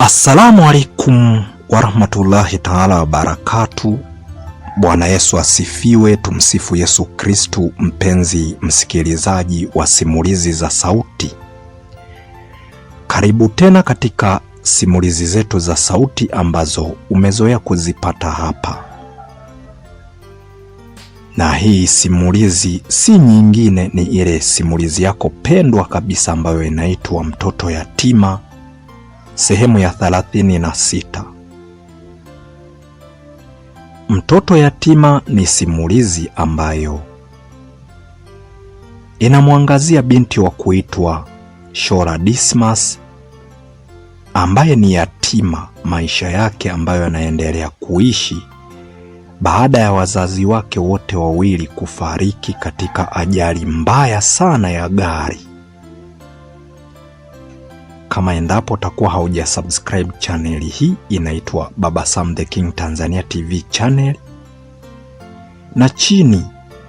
Assalamu alaikum warahmatullahi taala wabarakatu. Bwana Yesu asifiwe, tumsifu Yesu Kristu. Mpenzi msikilizaji wa simulizi za sauti, karibu tena katika simulizi zetu za sauti ambazo umezoea kuzipata hapa, na hii simulizi si nyingine, ni ile simulizi yako pendwa kabisa ambayo inaitwa Mtoto Yatima Sehemu ya 36. Mtoto yatima ni simulizi ambayo inamwangazia binti wa kuitwa Shora Dismas ambaye ni yatima, maisha yake ambayo yanaendelea kuishi baada ya wazazi wake wote wawili kufariki katika ajali mbaya sana ya gari. Kama endapo utakuwa hauja subscribe channel hii inaitwa Baba Sam the King Tanzania TV channel, na chini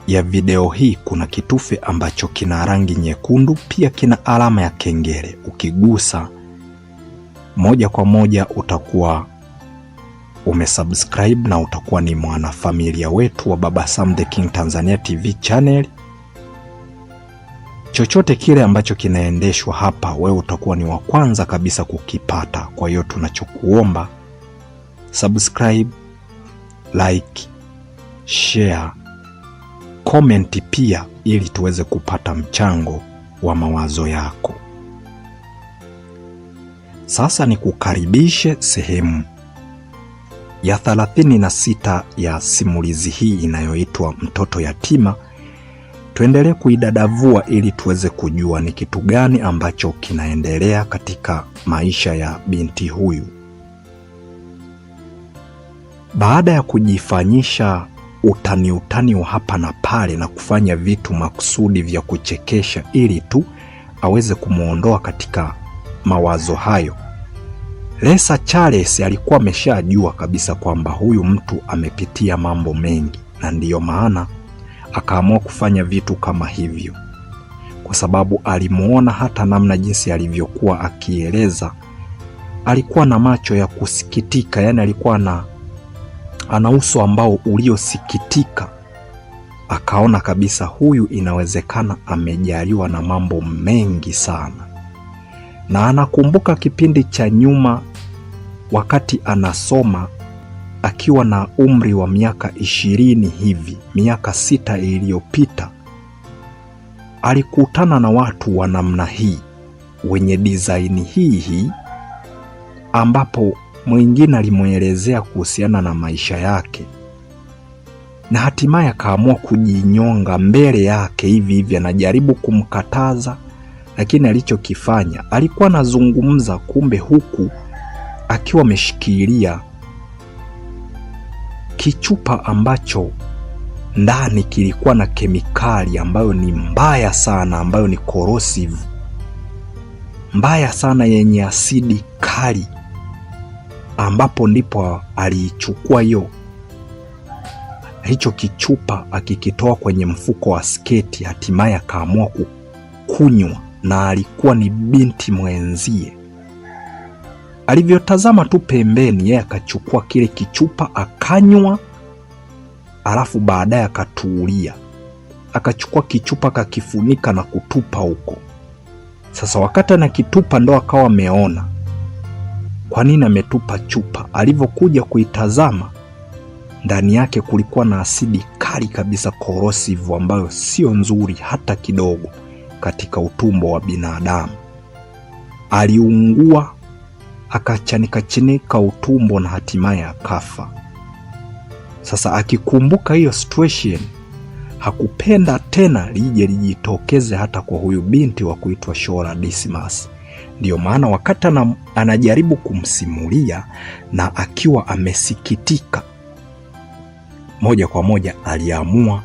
ya video hii kuna kitufe ambacho kina rangi nyekundu, pia kina alama ya kengele. Ukigusa moja kwa moja utakuwa umesubscribe na utakuwa ni mwanafamilia wetu wa Baba Sam the King Tanzania TV channel chochote kile ambacho kinaendeshwa hapa, wewe utakuwa ni wa kwanza kabisa kukipata. Kwa hiyo tunachokuomba subscribe, like, share, comment pia, ili tuweze kupata mchango wa mawazo yako. Sasa ni kukaribishe sehemu ya 36 ya simulizi hii inayoitwa Mtoto Yatima tuendelee kuidadavua ili tuweze kujua ni kitu gani ambacho kinaendelea katika maisha ya binti huyu. Baada ya kujifanyisha utani utani wa hapa na pale na kufanya vitu makusudi vya kuchekesha ili tu aweze kumwondoa katika mawazo hayo, Lesa Charles alikuwa ameshajua kabisa kwamba huyu mtu amepitia mambo mengi na ndiyo maana akaamua kufanya vitu kama hivyo, kwa sababu alimuona hata namna jinsi alivyokuwa akieleza. Alikuwa na macho ya kusikitika, yani alikuwa na ana uso ambao uliosikitika. Akaona kabisa huyu inawezekana amejaliwa na mambo mengi sana, na anakumbuka kipindi cha nyuma wakati anasoma akiwa na umri wa miaka ishirini hivi, miaka sita iliyopita, alikutana na watu wa namna hii wenye dizaini hii hii, ambapo mwingine alimwelezea kuhusiana na maisha yake na hatimaye akaamua kujinyonga mbele yake hivi hivi, anajaribu kumkataza, lakini alichokifanya alikuwa anazungumza, kumbe huku akiwa ameshikilia kichupa ambacho ndani kilikuwa na kemikali ambayo ni mbaya sana, ambayo ni corrosive mbaya sana, yenye asidi kali, ambapo ndipo aliichukua hiyo hicho kichupa akikitoa kwenye mfuko wa sketi, hatimaye akaamua kukunywa, na alikuwa ni binti mwenzie alivyotazama tu pembeni, yeye akachukua kile kichupa akanywa, alafu baadaye akatuulia, akachukua kichupa akakifunika na kutupa huko. Sasa wakati anakitupa ndo akawa ameona kwa nini ametupa chupa. Alivyokuja kuitazama ndani yake kulikuwa na asidi kali kabisa, korosivu, ambayo sio nzuri hata kidogo katika utumbo wa binadamu. Aliungua akachanika-chanika utumbo na hatimaye akafa. Sasa akikumbuka hiyo situation, hakupenda tena lije lijitokeze hata kwa huyu binti wa kuitwa Shola Dismas. Ndiyo maana wakati anajaribu kumsimulia na akiwa amesikitika moja kwa moja, aliamua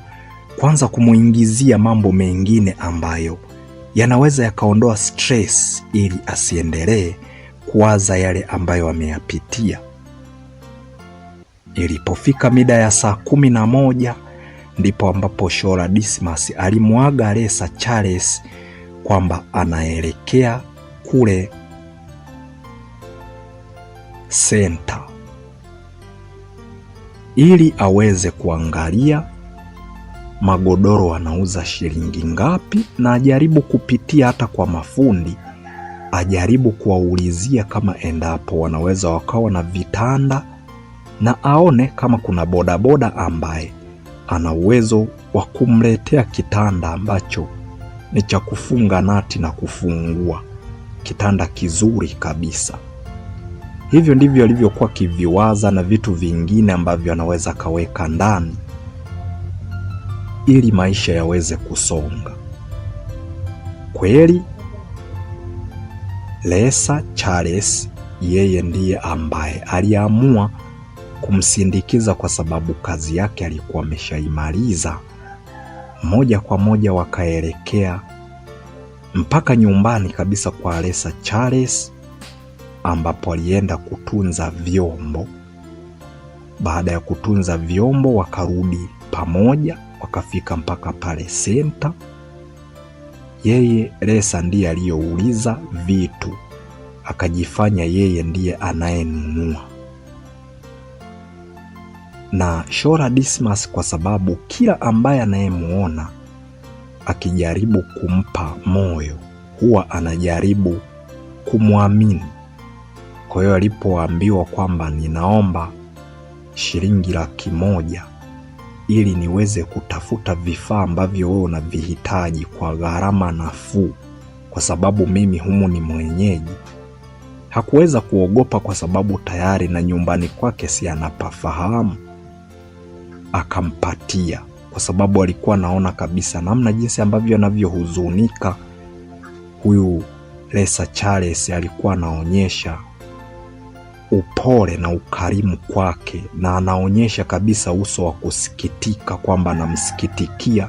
kwanza kumwingizia mambo mengine ambayo yanaweza yakaondoa stress ili asiendelee kuwaza yale ambayo ameyapitia. Ilipofika mida ya saa kumi na moja ndipo ambapo Shola Dismas alimwaga Lesa Charles kwamba anaelekea kule senta ili aweze kuangalia magodoro anauza shilingi ngapi, na ajaribu kupitia hata kwa mafundi ajaribu kuwaulizia kama endapo wanaweza wakawa na vitanda na aone kama kuna bodaboda ambaye ana uwezo wa kumletea kitanda ambacho ni cha kufunga nati na kufungua, kitanda kizuri kabisa. Hivyo ndivyo alivyokuwa kiviwaza na vitu vingine ambavyo anaweza kaweka ndani ili maisha yaweze kusonga. Kweli Lesa Charles yeye ndiye ambaye aliamua kumsindikiza kwa sababu kazi yake alikuwa ameshaimaliza. Moja kwa moja wakaelekea mpaka nyumbani kabisa kwa Lesa Charles ambapo alienda kutunza vyombo. Baada ya kutunza vyombo, wakarudi pamoja, wakafika mpaka pale senta. Yeye resa ndiye aliyouliza vitu akajifanya yeye ndiye anayenunua, na Shora Dismas, kwa sababu kila ambaye anayemwona akijaribu kumpa moyo huwa anajaribu kumwamini. Kwa hiyo alipoambiwa kwamba ninaomba shilingi laki moja ili niweze kutafuta vifaa ambavyo wewe unavihitaji kwa gharama nafuu, kwa sababu mimi humu ni mwenyeji. Hakuweza kuogopa kwa sababu tayari na nyumbani kwake si anapafahamu. Akampatia kwa sababu alikuwa naona kabisa namna jinsi ambavyo anavyohuzunika. Huyu Lesa Charles alikuwa anaonyesha upole na ukarimu kwake, na anaonyesha kabisa uso wa kusikitika kwamba anamsikitikia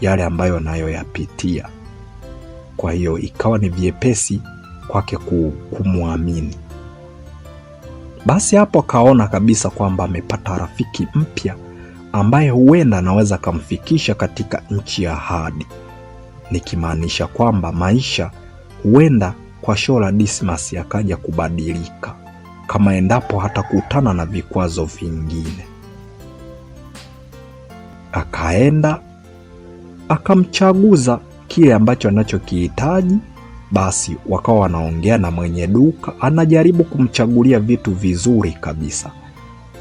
yale ambayo anayoyapitia. Kwa hiyo ikawa ni vyepesi kwake kumwamini. Basi hapo akaona kabisa kwamba amepata rafiki mpya ambaye huenda anaweza akamfikisha katika nchi ya ahadi, nikimaanisha kwamba maisha huenda kwa Shola Dismas yakaja kubadilika kama endapo hatakutana na vikwazo vingine. Akaenda akamchaguza kile ambacho anachokihitaji. Basi wakawa wanaongea na mwenye duka, anajaribu kumchagulia vitu vizuri kabisa.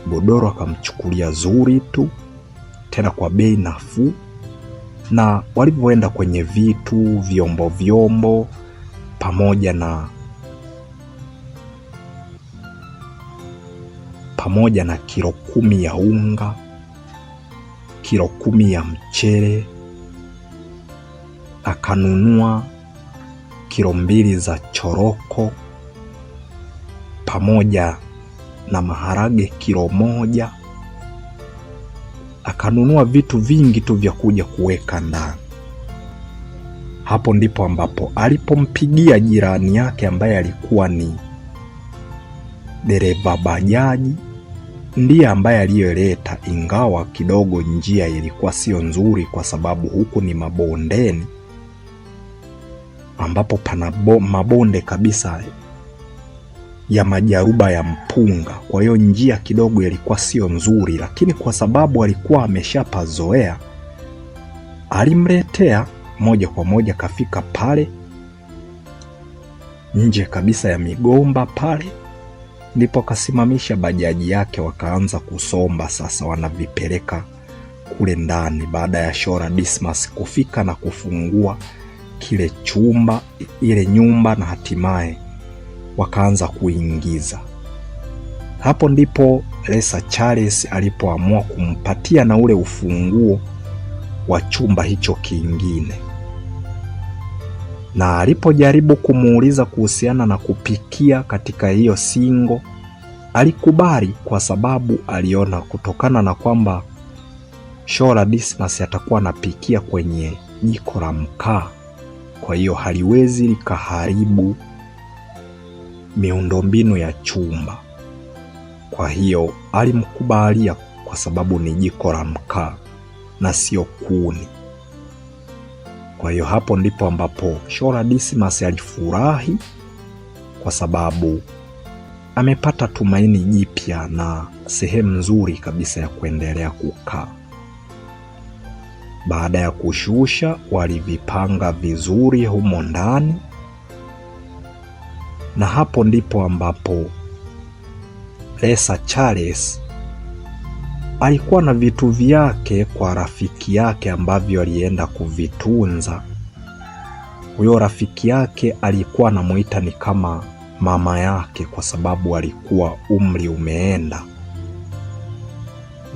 Godoro akamchukulia zuri tu, tena kwa bei nafuu. Na walivyoenda kwenye vitu vyombo vyombo pamoja na pamoja na kilo kumi ya unga, kilo kumi ya mchele. Akanunua kilo mbili za choroko pamoja na maharage kilo moja. Akanunua vitu vingi tu vya kuja kuweka ndani. Hapo ndipo ambapo alipompigia jirani yake ambaye alikuwa ni dereva bajaji ndiye ambaye aliyoleta, ingawa kidogo njia ilikuwa sio nzuri, kwa sababu huku ni mabondeni ambapo pana mabonde kabisa ya majaruba ya mpunga. Kwa hiyo njia kidogo ilikuwa sio nzuri, lakini kwa sababu alikuwa ameshapazoea alimletea moja kwa moja, kafika pale nje kabisa ya migomba pale ndipo akasimamisha bajaji yake, wakaanza kusomba sasa, wanavipeleka kule ndani. Baada ya Shora Dismas kufika na kufungua kile chumba, ile nyumba, na hatimaye wakaanza kuingiza. Hapo ndipo Lesa Charles alipoamua kumpatia na ule ufunguo wa chumba hicho kingine na alipojaribu kumuuliza kuhusiana na kupikia katika hiyo singo alikubali, kwa sababu aliona kutokana na kwamba Shora Dismas atakuwa anapikia kwenye jiko la mkaa, kwa hiyo haliwezi likaharibu miundombinu ya chumba. Kwa hiyo alimkubalia, kwa sababu ni jiko la mkaa na sio kuni. Kwa hiyo hapo ndipo ambapo Shora Dismas alifurahi kwa sababu amepata tumaini jipya na sehemu nzuri kabisa ya kuendelea kukaa. Baada ya kushusha, walivipanga vizuri humo ndani, na hapo ndipo ambapo Lesa Charles alikuwa na vitu vyake kwa rafiki yake ambavyo alienda kuvitunza. Huyo rafiki yake alikuwa anamuita ni kama mama yake, kwa sababu alikuwa umri umeenda,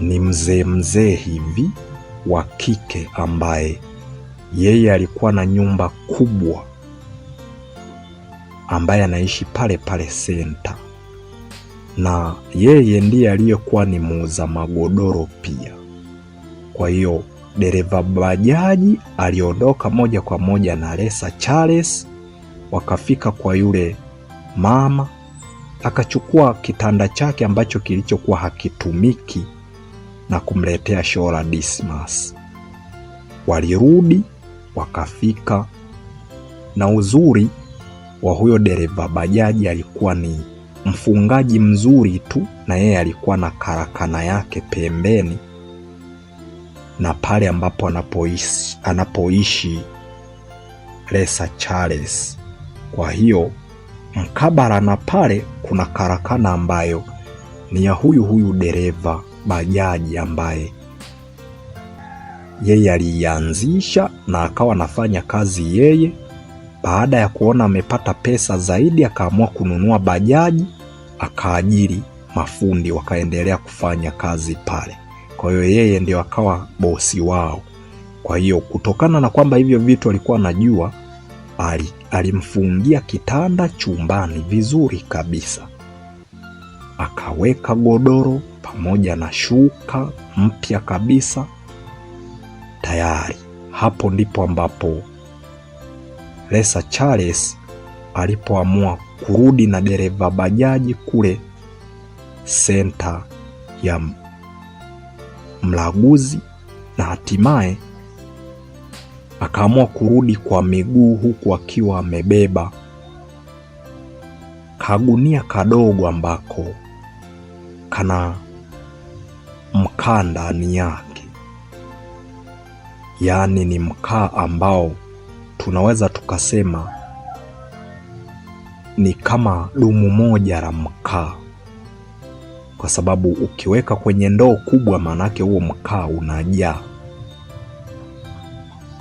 ni mzee mzee hivi wa kike, ambaye yeye alikuwa na nyumba kubwa, ambaye anaishi pale pale senta na yeye ndiye aliyekuwa ni muuza magodoro pia. Kwa hiyo dereva bajaji aliondoka moja kwa moja na Lesa Charles, wakafika kwa yule mama, akachukua kitanda chake ambacho kilichokuwa hakitumiki na kumletea Shola Dismas. Walirudi wakafika, na uzuri wa huyo dereva bajaji alikuwa ni mfungaji mzuri tu, na yeye alikuwa na karakana yake pembeni na pale ambapo anapoishi, anapoishi Lesa Charles. Kwa hiyo mkabara na pale kuna karakana ambayo ni ya huyu huyu dereva bajaji ambaye yeye aliianzisha na akawa anafanya kazi yeye baada ya kuona amepata pesa zaidi, akaamua kununua bajaji, akaajiri mafundi, wakaendelea kufanya kazi pale. Kwa hiyo yeye ndio akawa bosi wao. Kwa hiyo kutokana na kwamba hivyo vitu alikuwa anajua, alimfungia kitanda chumbani vizuri kabisa, akaweka godoro pamoja na shuka mpya kabisa. Tayari hapo ndipo ambapo Lesa Charles alipoamua kurudi na dereva bajaji kule senta ya Mlaguzi na hatimaye akaamua kurudi kwa miguu huku akiwa amebeba kagunia kadogo ambako kana mkaa ndani yake, yaani ni mkaa ambao tunaweza tukasema ni kama dumu moja la mkaa, kwa sababu ukiweka kwenye ndoo kubwa, maanake huo mkaa unajaa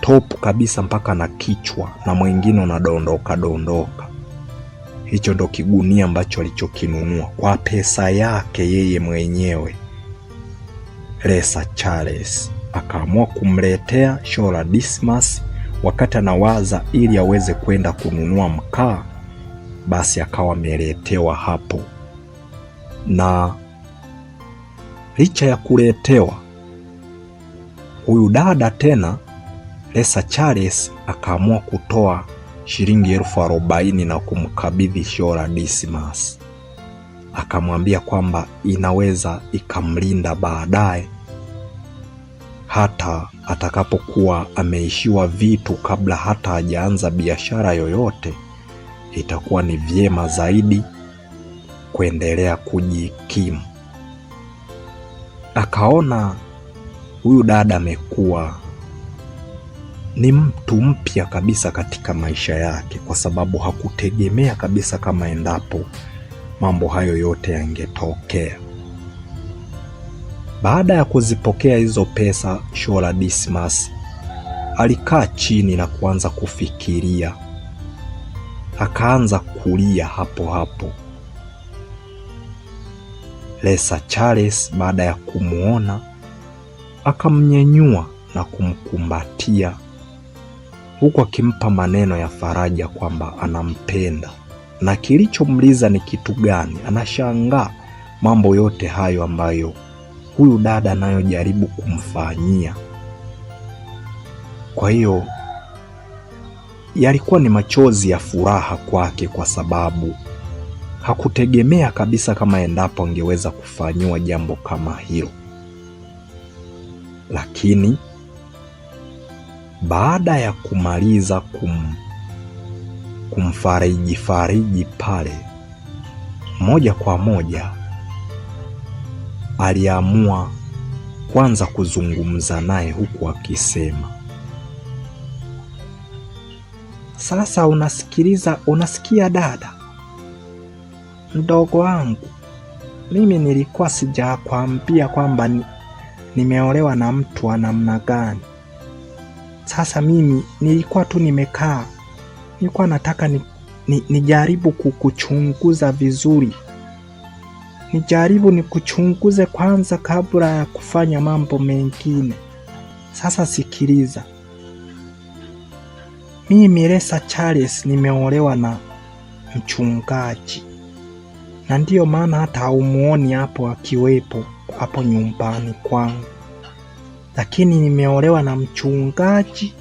top kabisa mpaka na kichwa, na mwingine unadondoka dondoka. Hicho ndo kigunia ambacho alichokinunua kwa pesa yake yeye mwenyewe. Lesa Charles akaamua kumletea Shola Dismas Wakati anawaza ili aweze kwenda kununua mkaa, basi akawa ameletewa hapo, na licha ya kuletewa huyu dada tena, Lesa Charles akaamua kutoa shilingi elfu arobaini na kumkabidhi Shora Dismas, akamwambia kwamba inaweza ikamlinda baadaye hata atakapokuwa ameishiwa vitu kabla hata hajaanza biashara yoyote, itakuwa ni vyema zaidi kuendelea kujikimu. Akaona huyu dada amekuwa ni mtu mpya kabisa katika maisha yake, kwa sababu hakutegemea kabisa kama endapo mambo hayo yote yangetokea. Baada ya kuzipokea hizo pesa, Shola Dismas alikaa chini na kuanza kufikiria, akaanza kulia hapo hapo. Lesa Charles baada ya kumwona akamnyenyua na kumkumbatia huku akimpa maneno ya faraja kwamba anampenda na kilichomliza ni kitu gani. Anashangaa mambo yote hayo ambayo huyu dada anayojaribu kumfanyia. Kwa hiyo yalikuwa ni machozi ya furaha kwake, kwa sababu hakutegemea kabisa kama endapo angeweza kufanyiwa jambo kama hilo. Lakini baada ya kumaliza kum, kumfariji fariji pale, moja kwa moja aliamua kwanza kuzungumza naye huku akisema, sasa unasikiliza, unasikia dada mdogo wangu, mimi nilikuwa sijakwambia kwamba ni, nimeolewa na mtu wa namna gani. Sasa mimi nilikuwa tu nimekaa, nilikuwa nataka ni, ni, nijaribu kukuchunguza vizuri nijaribu nikuchunguze kwanza kabla ya kufanya mambo mengine. Sasa sikiliza, mimi Lesa Charles nimeolewa na mchungaji, na ndiyo maana hata haumuoni hapo akiwepo hapo nyumbani kwangu, lakini nimeolewa na mchungaji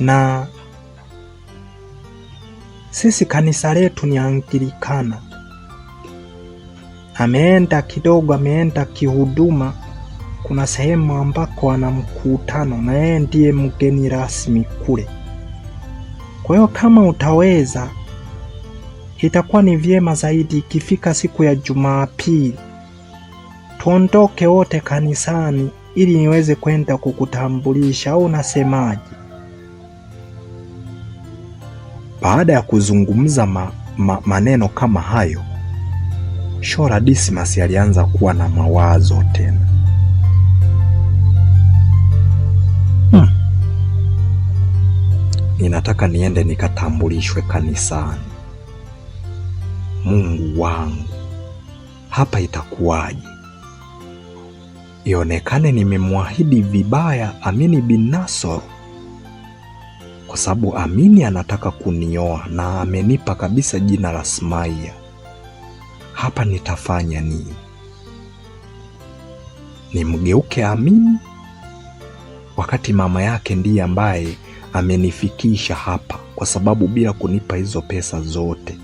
na sisi kanisa letu ni Anglikana ameenda kidogo, ameenda kihuduma, kuna sehemu ambako ana mkutano na yeye ndiye mgeni rasmi kule. Kwa hiyo kama utaweza, itakuwa ni vyema zaidi ikifika siku ya Jumapili tuondoke wote kanisani ili niweze kwenda kukutambulisha, au unasemaje? Baada ya kuzungumza ma, ma, maneno kama hayo Shora Dismas alianza kuwa na mawazo tena. Hmm. Ninataka niende nikatambulishwe kanisani. Mungu wangu. Hapa itakuwaje? Ionekane nimemwahidi vibaya Amini bin Nasor, kwa sababu Amini anataka kunioa na amenipa kabisa jina la Smaia hapa nitafanya nini? Nimgeuke Amini wakati mama yake ndiye ambaye amenifikisha hapa, kwa sababu bila kunipa hizo pesa zote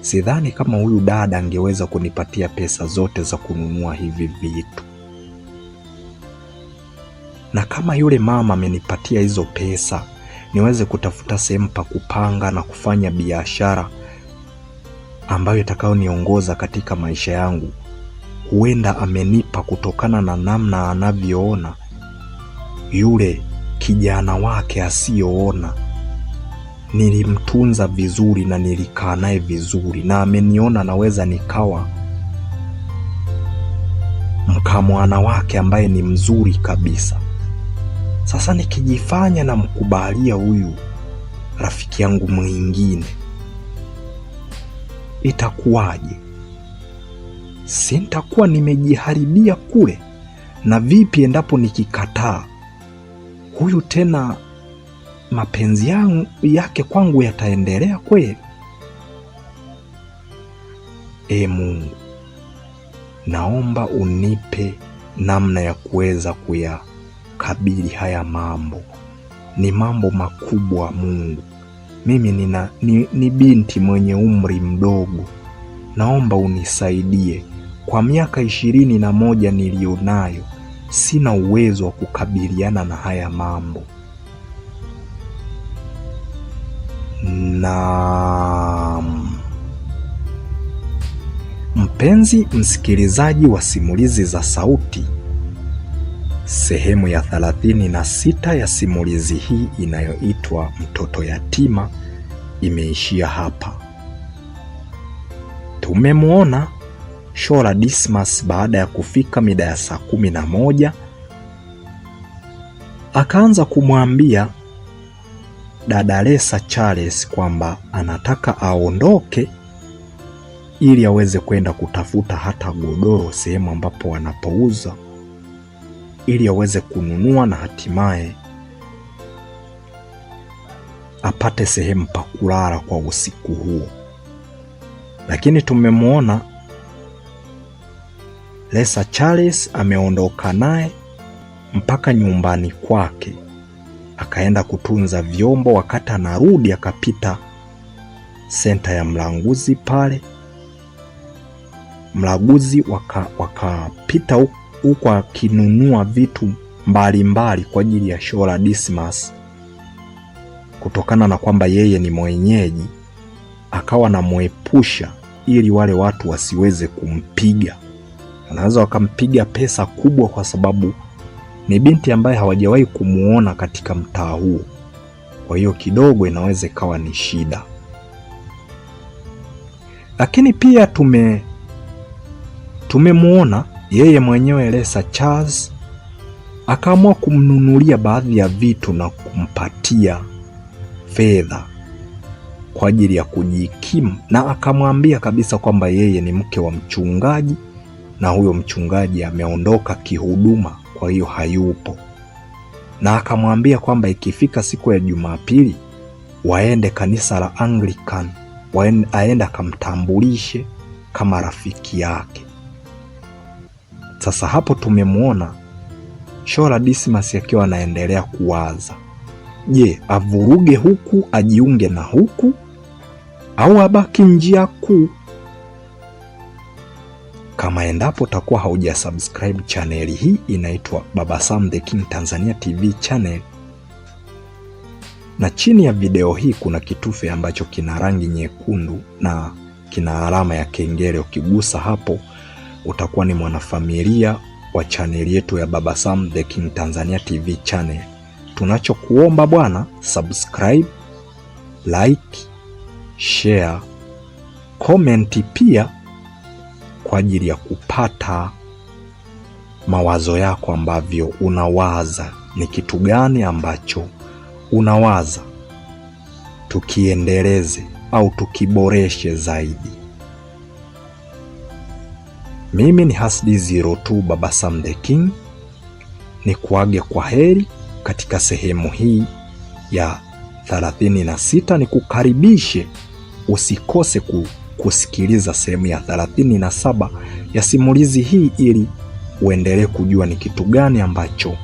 sidhani kama huyu dada angeweza kunipatia pesa zote za kununua hivi vitu. Na kama yule mama amenipatia hizo pesa, niweze kutafuta sehemu pa kupanga na kufanya biashara ambayo itakayoniongoza katika maisha yangu. Huenda amenipa kutokana na namna anavyoona yule kijana wake asiyoona. Nilimtunza vizuri na nilikaa naye vizuri, na ameniona naweza nikawa mkamwana wake ambaye ni mzuri kabisa. Sasa nikijifanya namkubalia huyu rafiki yangu mwingine itakuwaje? sintakuwa nimejiharibia kule? Na vipi endapo nikikataa? Huyu tena mapenzi yangu yake kwangu yataendelea kweli? E Mungu, naomba unipe namna ya kuweza kuyakabili haya mambo. Ni mambo makubwa Mungu mimi nina, ni, ni binti mwenye umri mdogo, naomba unisaidie. Kwa miaka ishirini na moja niliyonayo sina uwezo wa kukabiliana na haya mambo, na mpenzi msikilizaji wa simulizi za sauti sehemu ya 36 ya simulizi hii inayoitwa Mtoto Yatima imeishia hapa. Tumemwona Shora Dismas baada ya kufika mida ya saa kumi na moja akaanza kumwambia dada Lesa Charles kwamba anataka aondoke ili aweze kwenda kutafuta hata godoro sehemu ambapo wanapouza ili aweze kununua na hatimaye apate sehemu pa kulala kwa usiku huo. Lakini tumemwona Lesa Charles ameondoka naye mpaka nyumbani kwake, akaenda kutunza vyombo. Wakati anarudi akapita senta ya Mlanguzi pale Mlaguzi, wakapita waka huko huku akinunua vitu mbalimbali mbali kwa ajili ya show la Dismas, kutokana na kwamba yeye ni mwenyeji, akawa namwepusha ili wale watu wasiweze kumpiga. Wanaweza wakampiga pesa kubwa, kwa sababu ni binti ambaye hawajawahi kumuona katika mtaa huo, kwa hiyo kidogo inaweza ikawa ni shida. Lakini pia tume tumemwona yeye mwenyewe Lesa Charles akaamua kumnunulia baadhi ya vitu na kumpatia fedha kwa ajili ya kujikimu, na akamwambia kabisa kwamba yeye ni mke wa mchungaji na huyo mchungaji ameondoka kihuduma, kwa hiyo hayupo, na akamwambia kwamba ikifika siku ya Jumapili waende kanisa la Anglican, waende aende akamtambulishe kama rafiki yake. Sasa hapo tumemwona Shola Dismas akiwa anaendelea kuwaza, je, avuruge huku ajiunge na huku au abaki njia kuu? Kama endapo takuwa haujasubscribe chaneli hii inaitwa Baba Sam The King Tanzania TV channel, na chini ya video hii kuna kitufe ambacho kina rangi nyekundu na kina alama ya kengele. Ukigusa hapo utakuwa ni mwanafamilia wa chaneli yetu ya Baba Sam The King Tanzania TV channel. Tunachokuomba bwana, subscribe, like, share, comment pia kwa ajili ya kupata mawazo yako ambavyo unawaza ni kitu gani ambacho unawaza tukiendeleze au tukiboreshe zaidi. Mimi ni Hasdi 02 Baba Sam the King, ni kuage kwa heri katika sehemu hii ya 36. Ni kukaribishe usikose kusikiliza sehemu ya 37 ya simulizi hii ili uendelee kujua ni kitu gani ambacho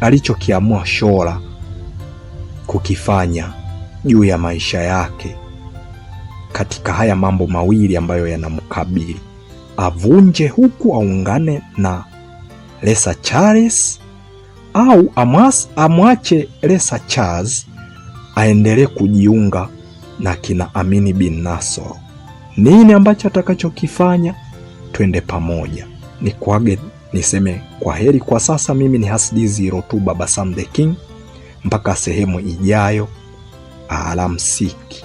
alichokiamua Shora kukifanya juu ya maisha yake katika haya mambo mawili ambayo yanamkabili avunje huku aungane na Lesa Charles au amas, amwache Lesa Charles aendelee kujiunga na kina Amini bin Nasoro. Nini ambacho atakachokifanya? Twende pamoja. Ni kuage niseme kwa heri kwa sasa. Mimi ni Hasdizi tu Baba Sam the King, mpaka sehemu ijayo, alamsiki.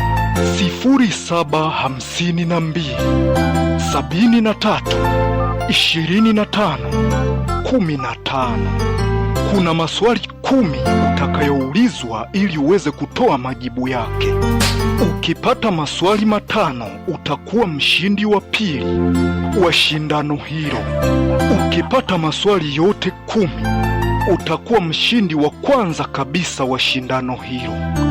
tano kumi na tano. Kuna maswali kumi utakayoulizwa ili uweze kutoa majibu yake. Ukipata maswali matano utakuwa mshindi wa pili wa shindano hilo. Ukipata maswali yote kumi utakuwa mshindi wa kwanza kabisa wa shindano hilo